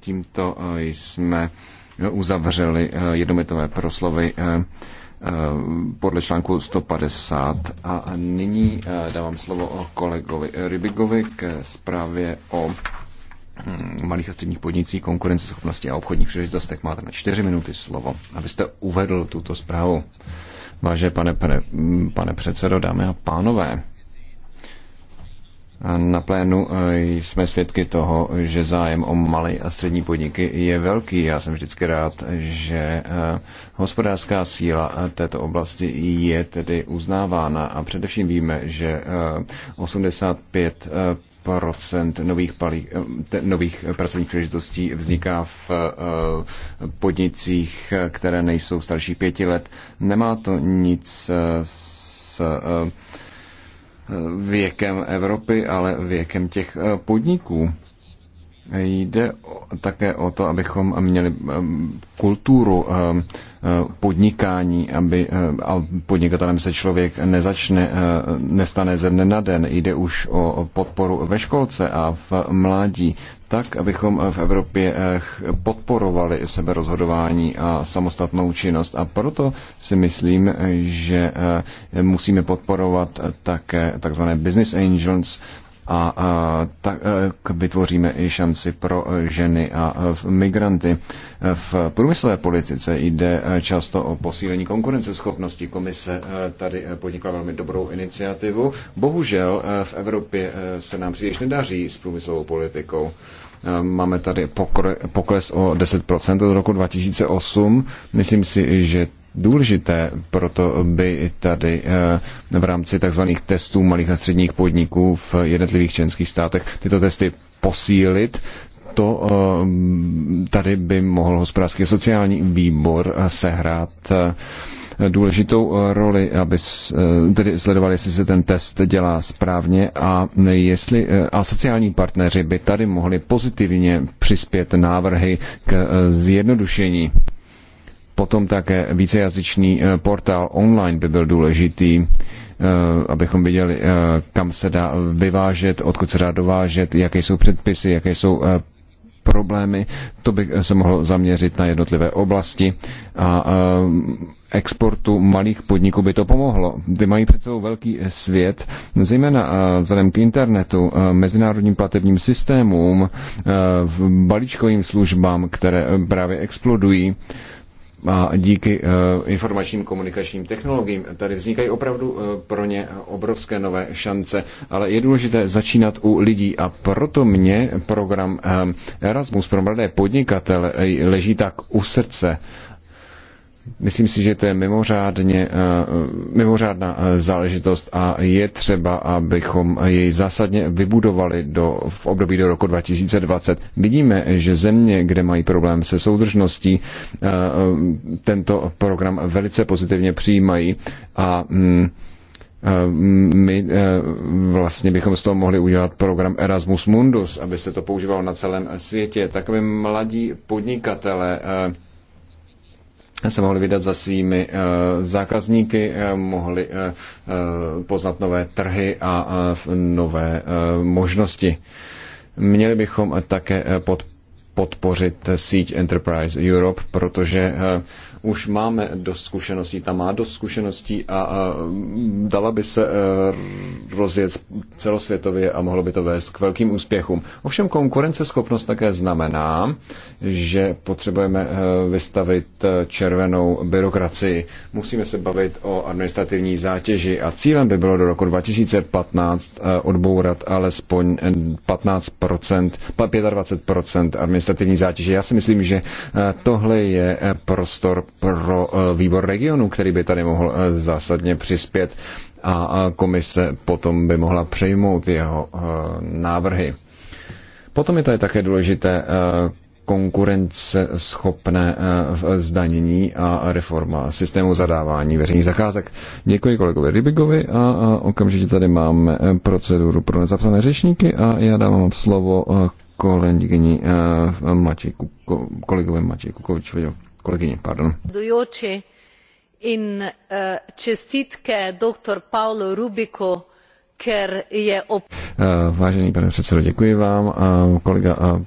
tímto e, jsme uzavřeli e, jednomitové proslovy e, podle článku 150. A nyní dávám slovo kolegovi Rybigovi k zprávě o hm, malých a středních podnicích, konkurenceschopnosti a obchodních příležitostech. Máte na čtyři minuty slovo, abyste uvedl tuto zprávu. Váže pane, pane, pane předsedo, dámy a pánové, na plénu eh, jsme svědky toho, že zájem o malé a střední podniky je velký. Já jsem vždycky rád, že eh, hospodářská síla eh, této oblasti je tedy uznávána a především víme, že 85 procent nových, palí, nových pracovních příležitostí vzniká v podnicích, které nejsou starší pěti let. Nemá to nic s věkem Evropy, ale věkem těch eh, podniků. Jde také o to, abychom měli eh, kulturu eh, eh, podnikání, aby podnikatelem se člověk nezačne, nestane ze dne na den. Jde už o podporu ve školce a v mládí, tak, abychom v Evropě podporovali seberozhodování a samostatnou činnost. A proto si myslím, že musíme podporovat také takzvané business angels, a, a tak e, vytvoříme i šanci pro e, ženy a e, migranty. V průmyslové politice jde často o posílení konkurenceschopnosti. Komise tady podnikla velmi dobrou iniciativu. Bohužel v Evropě se nám příliš nedaří s průmyslovou politikou. Máme tady pokles o 10% od roku 2008. Myslím si, že důležité, proto by tady eh, v rámci tzv. testů malých a středních podniků v jednotlivých členských státech tyto testy posílit, to eh, tady by mohl hospodářský sociální výbor sehrát eh, důležitou roli, aby tedy sledovali, jestli se ten test dělá správně a jestli a sociální partneři by tady mohli pozitivně přispět návrhy k zjednodušení Potom také vícejazyčný eh, portál online by byl důležitý, eh, abychom viděli, eh, kam se dá vyvážet, odkud se dá dovážet, jaké jsou předpisy, jaké jsou problémy. To by se mohlo zaměřit na jednotlivé oblasti a exportu malých podniků by to pomohlo. Ty mají před sebou velký svět, zejména vzhledem k internetu, mezinárodním platebním systémům, balíčkovým službám, které právě explodují a díky eh, informačním komunikačním technologiím tady vznikají opravdu eh, pro ně obrovské nové šance, ale je důležité začínat u lidí a proto mě program eh, Erasmus pro mladé podnikatele leží tak u srdce Myslím si, že to je mimořádně, eh, mimořádná eh, záležitost a je třeba, abychom jej zásadně vybudovali do, v období do roku 2020. Vidíme, že země, kde mají problém se soudržností, eh, tento program velice pozitivně přijímají a mm, my vlastně bychom z toho mohli udělat program Erasmus Mundus, aby se to používalo na celém světě. Takové mladí podnikatele se mohli vydat za svými eh, zákazníky, eh, mohli eh, poznat nové trhy a nové možnosti. Měli bychom také podporovat podpořit síť Enterprise Europe, protože eh, už máme dost zkušeností, tam má dost zkušeností a eh, dala by se eh, rozjet celosvětově a mohlo by to vést k velkým úspěchům. Ovšem konkurenceschopnost také znamená, že potřebujeme vystavit červenou byrokracii. Musíme se bavit o administrativní zátěži a cílem by bylo do roku 2015 odbourat alespoň 15%, 25% administrativní administrativní zátěže. Já si myslím, že eh, tohle je eh, prostor pro eh, výbor regionu, který by tady mohl zásadně přispět a komise potom by mohla přejmout jeho návrhy. Potom je tady také důležité konkurence schopné zdanění a reforma systému zadávání veřejných zakázek. Děkuji kolegovi Rybigovi a okamžitě tady máme proceduru pro nezapsané řečníky a já dávám slovo kolegyni uh, Matěj Kuko, kolegové Matěj Kukovičovi, kolegyni, pardon. Dojoči in uh, čestitke doktor Paulo Rubiko, ker je... Op... Uh, vážený pane předsedo, děkuji vám. Uh, kolega uh,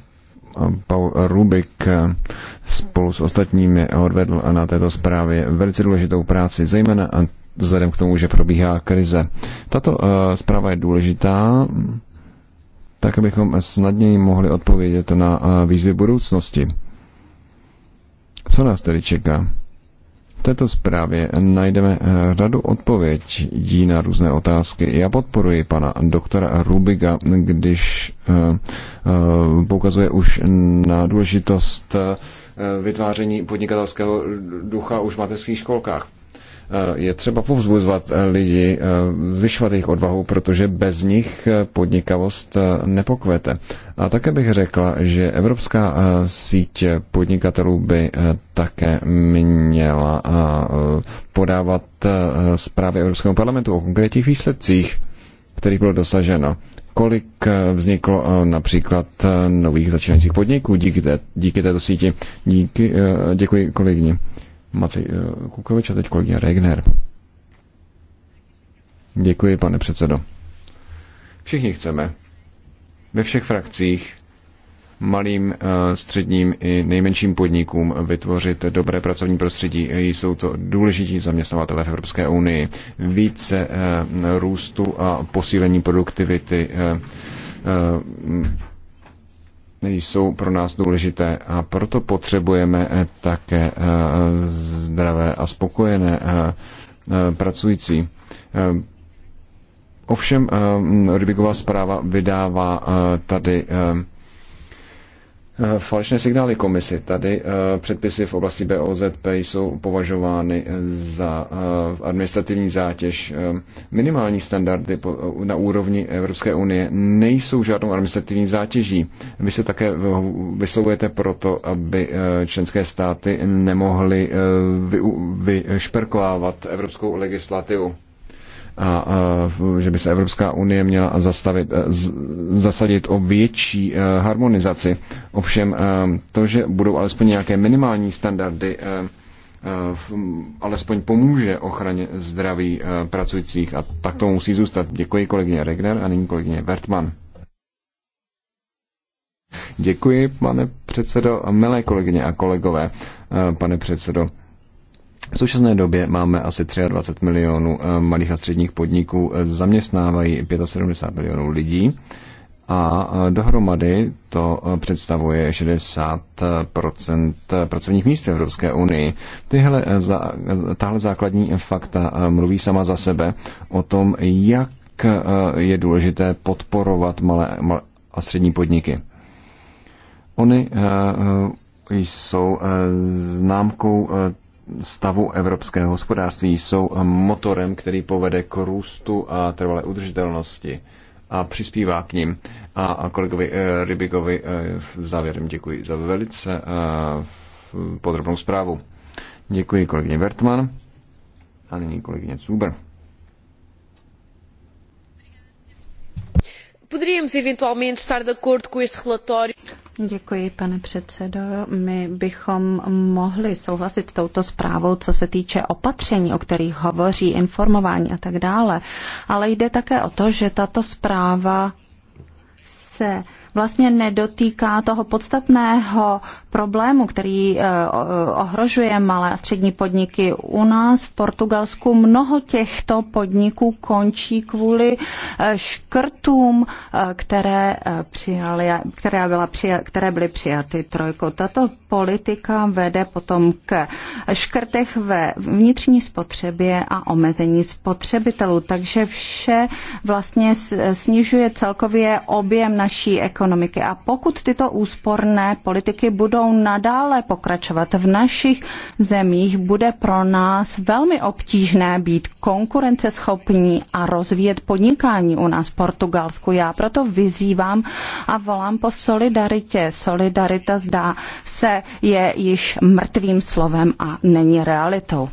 Paul Rubik spolu s ostatními odvedl na této zprávě velice důležitou práci, zejména vzhledem k tomu, že probíhá krize. Tato zpráva je důležitá, tak abychom snadněji mohli odpovědět na eh, výzvy budoucnosti. Co nás tedy čeká? V této zprávě najdeme eh, řadu odpovědí na různé otázky. Já podporuji pana doktora Rubiga, když eh, poukazuje už na důležitost vytváření podnikatelského ducha už v mateřských školkách. Eh, je třeba povzbuzovat eh, lidi, eh, zvyšovat jejich odvahu, protože bez nich podnikavost nepokvete. A také bych řekla, že evropská síť podnikatelů by také měla podávat zprávy Evropskému parlamentu o konkrétních výsledcích, kterých bylo dosaženo kolik vzniklo například nových začínajících podniků díky, té, díky této síti. Díky, děkuji kolegyni. Maci eh, Kukovič a teď kolegyně Regner. Děkuji, pane předsedo. Všichni chceme ve všech frakcích malým, eh, středním i nejmenším podnikům vytvořit dobré pracovní prostředí. Eh, jsou to důležití zaměstnavatele v Evropské unii. Více růstu a posílení produktivity jsou pro nás důležité a proto potřebujeme eh, také eh, zdravé a spokojené eh, pracující. Ovšem Rybiková zpráva vydává tady Eh, falešné signály komisi. Tady eh, předpisy v oblasti BOZP jsou považovány eh, za administrativní zátěž. Minimální standardy na úrovni Evropské unie nejsou žádnou administrativní zátěží. Vy se také vyslovujete proto, aby členské státy nemohly vyšperkovávat evropskou legislativu a, a že by se Evropská unie měla zastavit, e, z, zasadit o větší e, harmonizaci. Ovšem e, to, že budou alespoň nějaké minimální standardy, alespoň pomůže ochraně zdraví pracujících a tak to musí zůstat. Děkuji kolegyně Regner a nyní kolegyně Wertmann. Děkuji, pane předsedo, milé kolegyně a kolegové, pane předsedo. V současné době máme asi 23 milionů eh, malých a středních podniků, eh, zaměstnávají 75 milionů lidí a eh, dohromady to představuje 60 pracovních míst v Evropské unii. Tyhle, tahle základní fakta mluví sama za sebe o tom, jak je důležité podporovat malé a střední podniky. Oni jsou známkou stavu evropského hospodářství jsou motorem, který povede k růstu a trvalé udržitelnosti a přispívá k ním. A kolegovi eh, Rybikovi eh, závěrem děkuji za velice eh, podrobnou zprávu. Děkuji kolegyně Vertman a nyní kolegyně Zuber. Poderíamos eventualmente estar de acordo com este relatório. Děkuji, pane předsedo. My bychom mohli souhlasit s touto zprávou, co se týče opatření, o kterých hovoří, informování a tak dále. Ale jde také o to, že tato zpráva se vlastně nedotýká toho podstatného problému, který eh, ohrožuje malé a střední podniky. U nás v Portugalsku mnoho těchto podniků končí kvůli eh, škrtům, eh, které, přijali, které, byla přijat, které byly přijaty trojkou. Tato politika vede potom k škrtech ve vnitřní spotřebě a omezení spotřebitelů. Takže vše vlastně snižuje celkově objem naší ekonomiky ekonomiky. A pokud tyto úsporné politiky budou nadále pokračovat v našich zemích, bude pro nás velmi obtížné být konkurenceschopní a rozvíjet podnikání u nás v Portugalsku. Já proto vyzývám a volám po solidaritě. Solidarita zdá se je již mrtvým slovem a není realitou.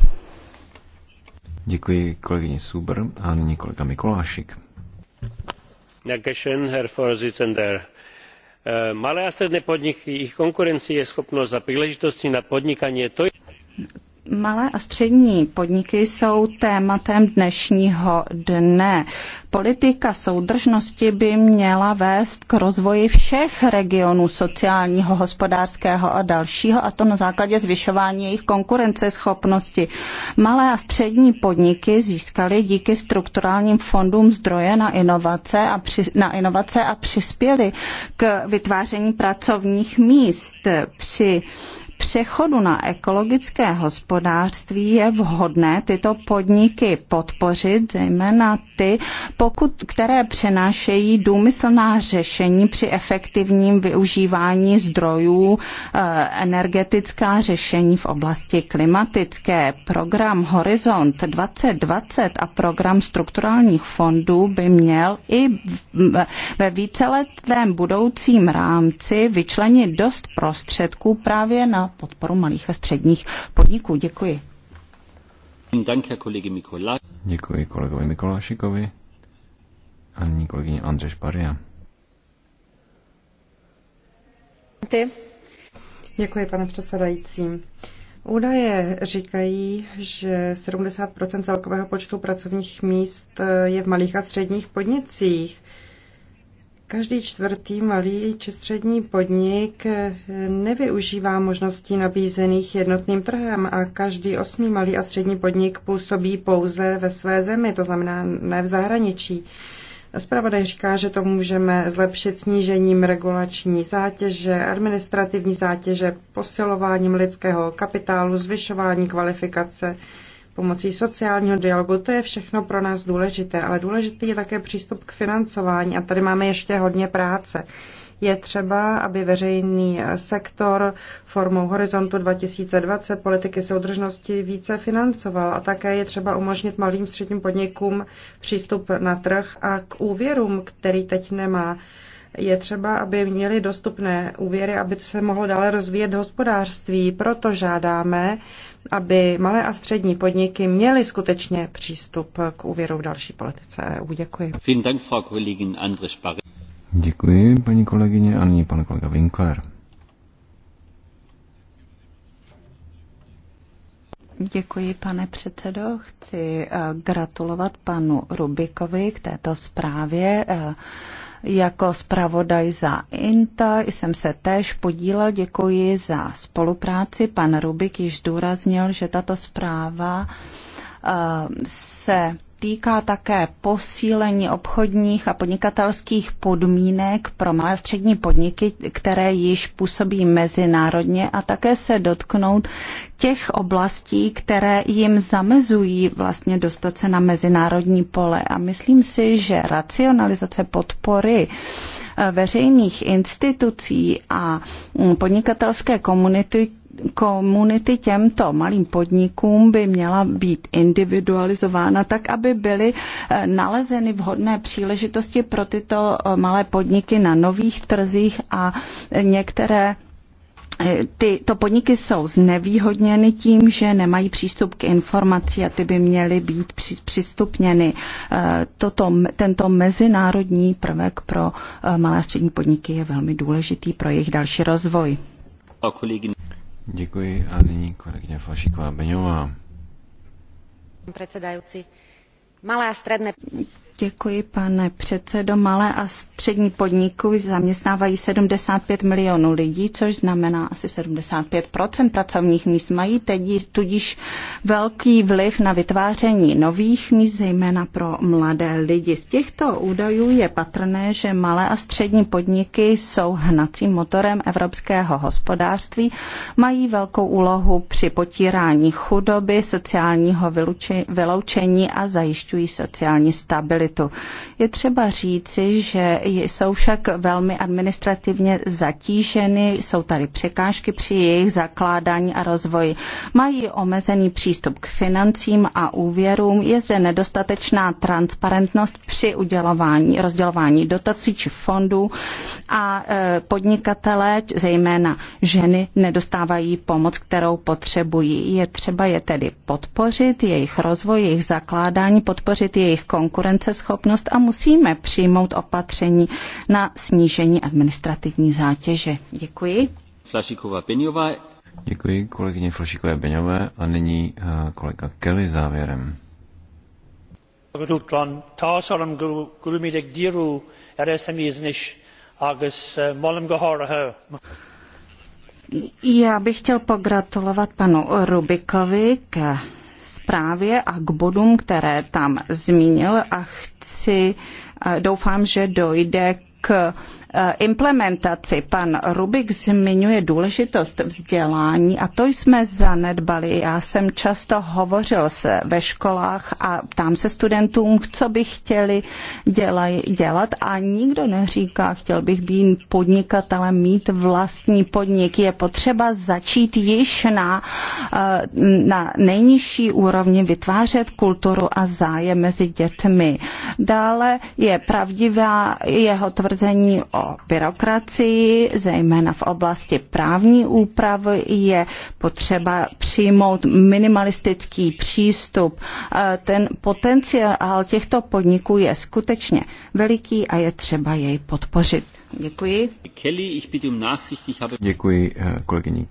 Děkuji kolegyni Suber a nyní kolega Mikulášik. Eh, malé a stredné podniky ich konkurencieschopnosť a príležitosti na podnikanie to je to čo potrebujeme na európskej práce. Malé a střední podniky jsou tématem dnešního dne. Politika soudržnosti by měla vést k rozvoji všech regionů sociálního, hospodářského a dalšího, a to na základě zvyšování jejich konkurenceschopnosti. Malé a střední podniky získaly díky strukturálním fondům zdroje na inovace a, při, na inovace a přispěly k vytváření pracovních míst. Při přechodu na ekologické hospodářství je vhodné tyto podniky podpořit, zejména ty, pokud, které přenášejí důmyslná řešení při efektivním využívání zdrojů, eh, energetická řešení v oblasti klimatické. Program Horizont 2020 a program strukturálních fondů by měl i ve víceletém budoucím rámci vyčlenit dost prostředků právě na podporu malých a středních podniků. Děkuji. Děkuji kolegovi Mikolášikovi a nyní kolegyně Andřeš Paria. Děkuji, pane předsedající. Údaje říkají, že 70 celkového počtu pracovních míst je v malých a středních podnicích. Každý čtvrtý malý či střední podnik nevyužívá možností nabízených jednotným trhem a každý osmý malý a střední podnik působí pouze ve své zemi, to znamená ne v zahraničí. Zpravodaj říká, že to můžeme zlepšit snížením regulační zátěže, administrativní zátěže, posilováním lidského kapitálu, zvyšování kvalifikace pomocí sociálního dialogu. To je všechno pro nás důležité, ale důležitý je také přístup k financování a tady máme ještě hodně práce. Je třeba, aby veřejný sektor formou Horizontu 2020 politiky soudržnosti více financoval a také je třeba umožnit malým středním podnikům přístup na trh a k úvěrům, který teď nemá. Je třeba, aby měli dostupné úvěry, aby se mohlo dále rozvíjet hospodářství. Proto žádáme, aby malé a střední podniky měly skutečně přístup k úvěru v další politice EU. Děkuji. Děkuji, paní kolegyně, a nyní pan kolega Winkler. Děkuji, pane předsedo. Chci eh, gratulovat panu Rubikovi k této zprávě eh, jako zpravodaj za INTA jsem se též podílel. Děkuji za spolupráci. Pan Rubik již zdůraznil, že tato zpráva eh, se týká také posílení obchodních a podnikatelských podmínek pro malé střední podniky, které již působí mezinárodně a také se dotknout těch oblastí, které jim zamezují vlastně dostat se na mezinárodní pole. A myslím si, že racionalizace podpory eh, veřejných institucí a mm, podnikatelské komunity komunity těmto malým podnikům by měla být individualizována tak, aby byly eh, nalezeny vhodné příležitosti pro tyto eh, malé podniky na nových trzích a některé eh, tyto podniky jsou znevýhodněny tím, že nemají přístup k informaci a ty by měly být přistupněny. Toto, tento mezinárodní prvek pro malé a střední podniky je velmi důležitý pro jejich další rozvoj. Děkuji a nyní kolegyně Flašíková Beňová. Předsedající, malé a středné Děkuji, pane předsedo. Malé a střední podniky zaměstnávají 75 milionů lidí, což znamená asi 75 pracovních míst. Mají teď tudíž velký vliv na vytváření nových míst, zejména pro mladé lidi. Z těchto údajů je patrné, že malé a střední podniky jsou hnacím motorem evropského hospodářství, mají velkou úlohu při potírání chudoby, sociálního vyloučení a zajišťují sociální stabilitu mobilitu. Je třeba říci, že jsou však velmi administrativně zatíženy, jsou tady překážky při jejich zakládání a rozvoji. Mají omezený přístup k financím a úvěrům, je zde nedostatečná transparentnost při udělování, rozdělování dotací či fondů a e, podnikatelé, zejména ženy, nedostávají pomoc, kterou potřebují. Je třeba je tedy podpořit, jejich rozvoj, jejich zakládání, podpořit jejich konkurence schopnost a musíme přijmout opatření na snížení administrativní zátěže. Děkuji. Flašíková Peňová. Děkuji kolegyně Flašikové Beňové a nyní eh, kolega Kelly závěrem. Eh, eh. Já bych chtěl pogratulovat panu Rubikovi k zprávě a k bodům, které tam zmínil a chci, doufám, že dojde k Eh, implementaci. Pan Rubik zmiňuje důležitost vzdělání a to jsme zanedbali. Já jsem často hovořil se ve školách a ptám se studentům, co by chtěli dělaj, dělat a nikdo neříká, chtěl bych být podnikatelem, mít vlastní podnik. Je potřeba začít již na, eh, na nejnižší úrovni vytvářet kulturu a zájem mezi dětmi. Dále je pravdivá jeho tvrzení o o byrokracii, zejména v oblasti právní úpravy je potřeba přijmout minimalistický přístup. Ten potenciál těchto podniků je skutečně veliký a je třeba jej podpořit. Děkuji. Um Děkuji eh, kolegyni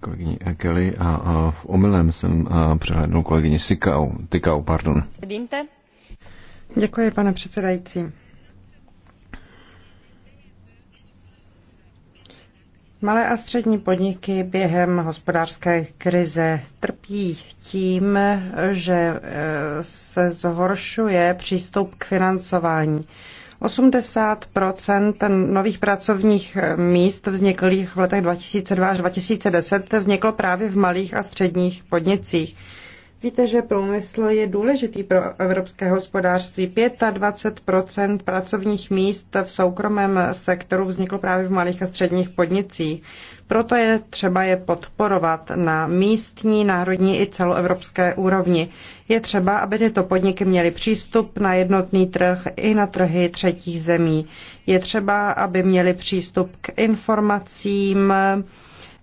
kolegyni eh, Kelly a, a v omylem jsem eh, přehlédnul kolegyni Sikau, Tikau. Pardon. Děkuji, pane předsedající. Malé a střední podniky během hospodářské krize trpí tím, že e, se zhoršuje přístup k financování. 80 nových pracovních e, míst vzniklých v letech 2002 až 2010 vzniklo právě v malých a středních podnicích. Víte, že průmysl je důležitý pro evropské hospodářství. 25 pracovních míst v soukromém sektoru vzniklo právě v malých a středních podnicích. Proto je třeba je podporovat na místní, národní i celoevropské úrovni. Je třeba, aby tyto podniky měly přístup na jednotný trh i na trhy třetích zemí. Je třeba, aby měly přístup k informacím,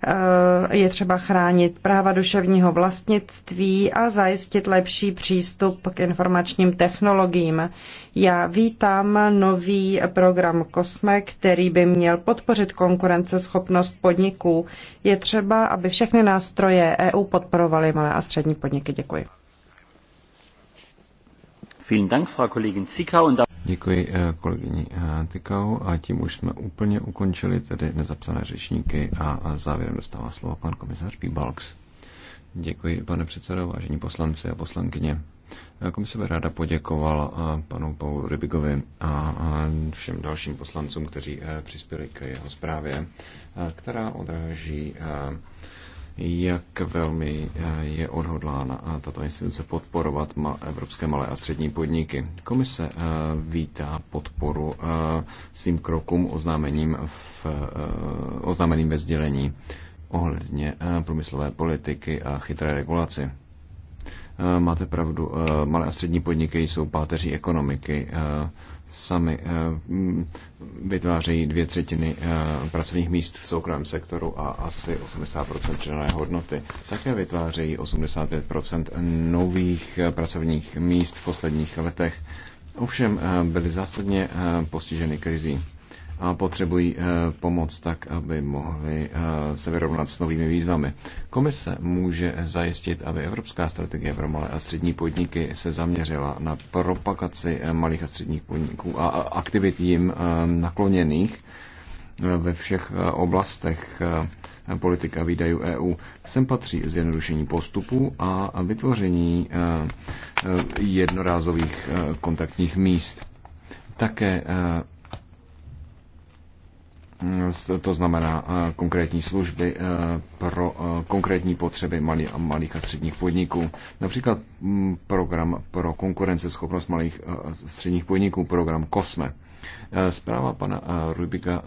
Eh, je třeba chránit práva duševního vlastnictví a zajistit lepší přístup k informačním technologiím. Já vítám nový program COSME, který by měl podpořit konkurenceschopnost podniků. Je třeba, aby všechny nástroje EU podporovaly malé a střední podniky. Děkuji. Vielen Dank, Frau Kollegin Zika. Děkuji eh, kolegyni eh, Tykau a tím už jsme úplně ukončili tedy nezapsané řečníky a závěrem dostává slovo pan komisař Balks. Děkuji, pane předsedo, vážení poslanci a poslankyně. Eh, komise by ráda poděkovala panu Paulu Rybigovi a všem dalším poslancům, kteří přispěli k jeho zprávě, která odráží jak velmi eh, je odhodlána eh, tato instituce podporovat evropské malé a střední podniky. Komise eh, vítá podporu svým krokům oznámením v, oznámeným ve sdělení ohledně průmyslové politiky a chytré regulaci. Eh, máte pravdu, eh, malé a střední podniky jsou páteří ekonomiky. Eh, sami mm, vytvářejí dvě třetiny pracovních míst v soukromém sektoru a asi 80% přidané hodnoty. Také vytvářejí 85% nových pracovních míst v posledních letech. Ovšem byly zásadně postiženy krizí a potřebují eh, pomoc tak, aby mohli eh, se vyrovnat s novými výzvami. Komise může zajistit, aby Evropská strategie pro malé a střední podniky se zaměřila na propagaci eh, malých a středních podniků a aktivit jim nakloněných ve všech oblastech politika výdajů EU. Sem patří zjednodušení postupů a vytvoření jednorázových kontaktních míst. Také to znamená eh, konkrétní služby eh, pro eh, konkrétní potřeby malých a, a středních podniků. Například mm, program pro konkurenceschopnost malých a středních podniků, program COSME. Zpráva pana Rubika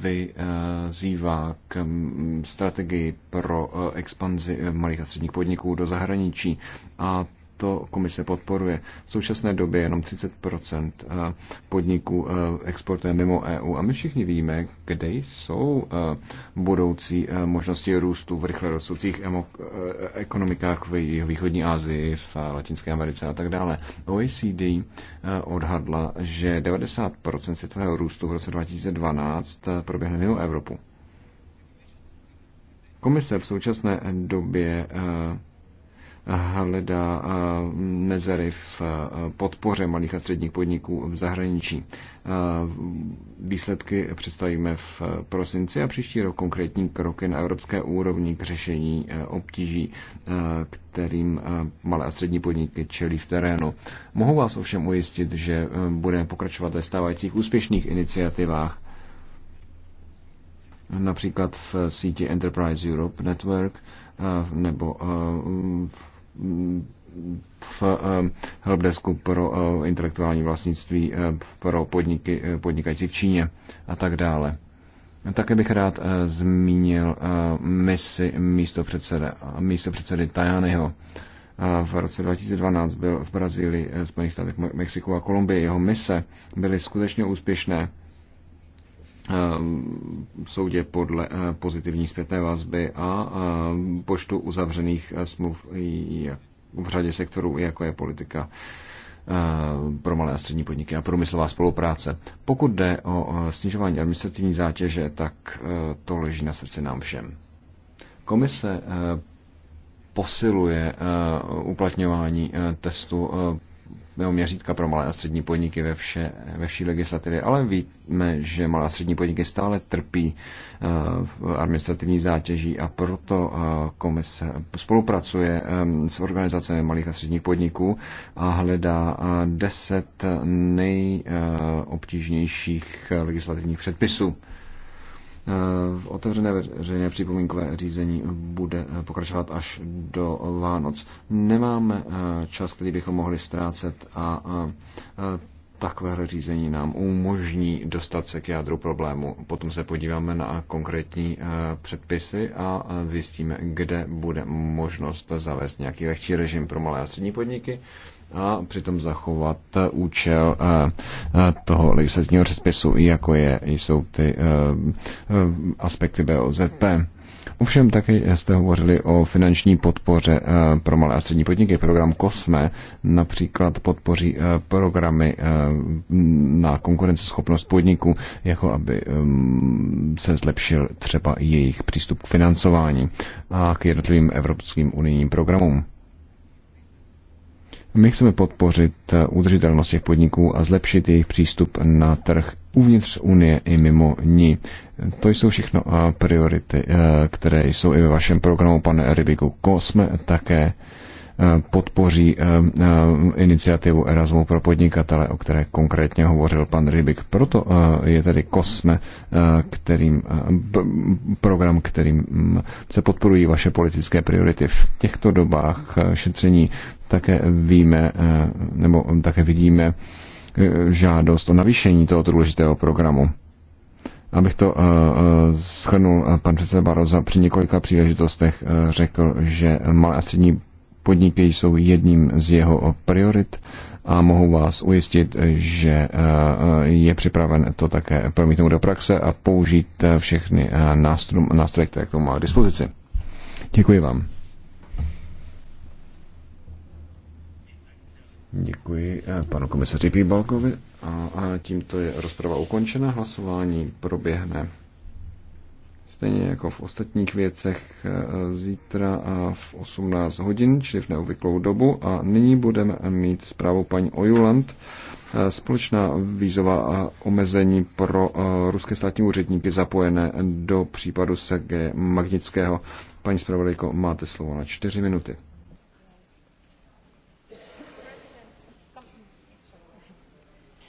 vyzývá k mm, strategii pro expanzi malých a středních podniků do zahraničí a to komise podporuje. V současné době jenom 30 eh, podniků eh, exportuje mimo EU a my všichni víme, kde jsou eh, budoucí možnosti růstu v rychle rostoucích ekonomikách v východní Asii, v Latinské Americe a tak dále. OECD odhadla, že 90 světového růstu v roce 2012 proběhne mimo Evropu. Komise v současné době hledá eh, mezery v eh, podpoře malých a středních podniků v zahraničí. Eh, výsledky představíme v prosinci a příští rok konkrétní kroky na evropské úrovni k řešení obtíží, kterým malé a střední podniky čelí v terénu. Mohu vás ovšem ujistit, že budeme pokračovat ve stávajících úspěšných iniciativách například v síti Enterprise Europe Network nebo v v eh, helpdesku pro eh, intelektuální vlastnictví eh, pro podniky podnikající v Číně a tak dále. Také bych rád zmínil misi místo, předsede, místo předsedy Tajaneho. V roce 2012 byl v Brazílii, Spojených státech, Mexiku a Kolumbii. Jeho mise byly skutečně úspěšné Eh, soudě podle eh, pozitivní zpětné vazby a eh, počtu uzavřených smluv v řadě sektorů, jako je politika pro malé a střední podniky a průmyslová spolupráce. Pokud jde o snižování administrativní zátěže, tak to leží na srdci nám všem. Komise posiluje uplatňování testu měřítka pro malé a střední podniky ve, vše, ve vší legislativě, ale víme, že malé a střední podniky stále trpí eh, administrativní zátěží a proto eh, komise spolupracuje eh, s organizacemi malých a středních podniků a hledá deset nejobtížnějších legislativních předpisů. V otevřené veřejné připomínkové řízení bude pokračovat až do Vánoc. Nemáme eh, čas, který bychom mohli ztrácet a eh, takové řízení nám umožní dostat se k jádru problému. Potom se podíváme na konkrétní eh, předpisy a zjistíme, kde bude možnost zavést nějaký lehčí režim pro malé a střední podniky a přitom zachovat účel eh, eh, toho legislativního předpisu, jako je, jsou ty eh, aspekty BOZP. Ovšem také jste hovořili o finanční podpoře pro malé a střední podniky. Program COSME například podpoří programy na konkurenceschopnost podniků, jako aby mm, se zlepšil třeba jejich přístup k financování a k jednotlivým evropským unijním programům. My chceme podpořit eh, udržitelnost těch podniků a zlepšit jejich přístup na trh uvnitř Unie i mimo ní. To jsou všechno eh, priority, eh, které jsou i ve vašem programu, pane Rybiku. Ko jsme také podpoří eh, eh, iniciativu Erasmu pro podnikatele, o které konkrétně hovořil pan Rybik. Proto eh, je tedy Kosme, kterým, program, kterým mm, se podporují vaše politické priority. V těchto dobách šetření také víme, nebo také vidíme žádost o navýšení tohoto důležitého programu abych to uh, schrnul, pan předseda Baroza při několika příležitostech řekl, že malé a střední Podniky jsou jedním z jeho priorit a mohu vás ujistit, že eh, je připraven to také promítnout do praxe a použít eh, všechny eh, nástroj, nástroje, které k tomu má k dispozici. Děkuji vám. Děkuji panu komisaři Píbalkovi a tímto je rozprava ukončena. Hlasování proběhne stejně jako v ostatních věcech eh, zítra a v 18 hodin, čili v neobvyklou dobu. A nyní budeme mít zprávu paní Ojuland, eh, společná a eh, omezení pro ruské státní úředníky zapojené do případu Sergeje Magnického. Paní zpravodajko, máte slovo na čtyři minuty.